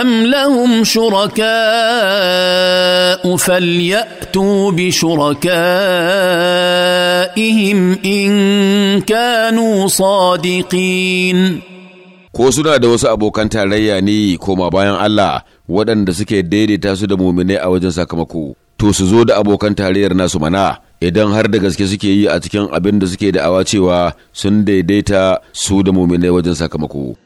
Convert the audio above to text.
أم لهم شركاء فليأتوا بشركائهم إن كانوا صادقين ko suna da wasu abokan tarayya ne koma bayan Allah waɗanda suke daidaita su da muminai a wajen sakamako to su zo da abokan tarayyar nasu mana idan har da gaske suke yi a cikin abin da suke da'awa cewa sun daidaita su da muminai wajen sakamako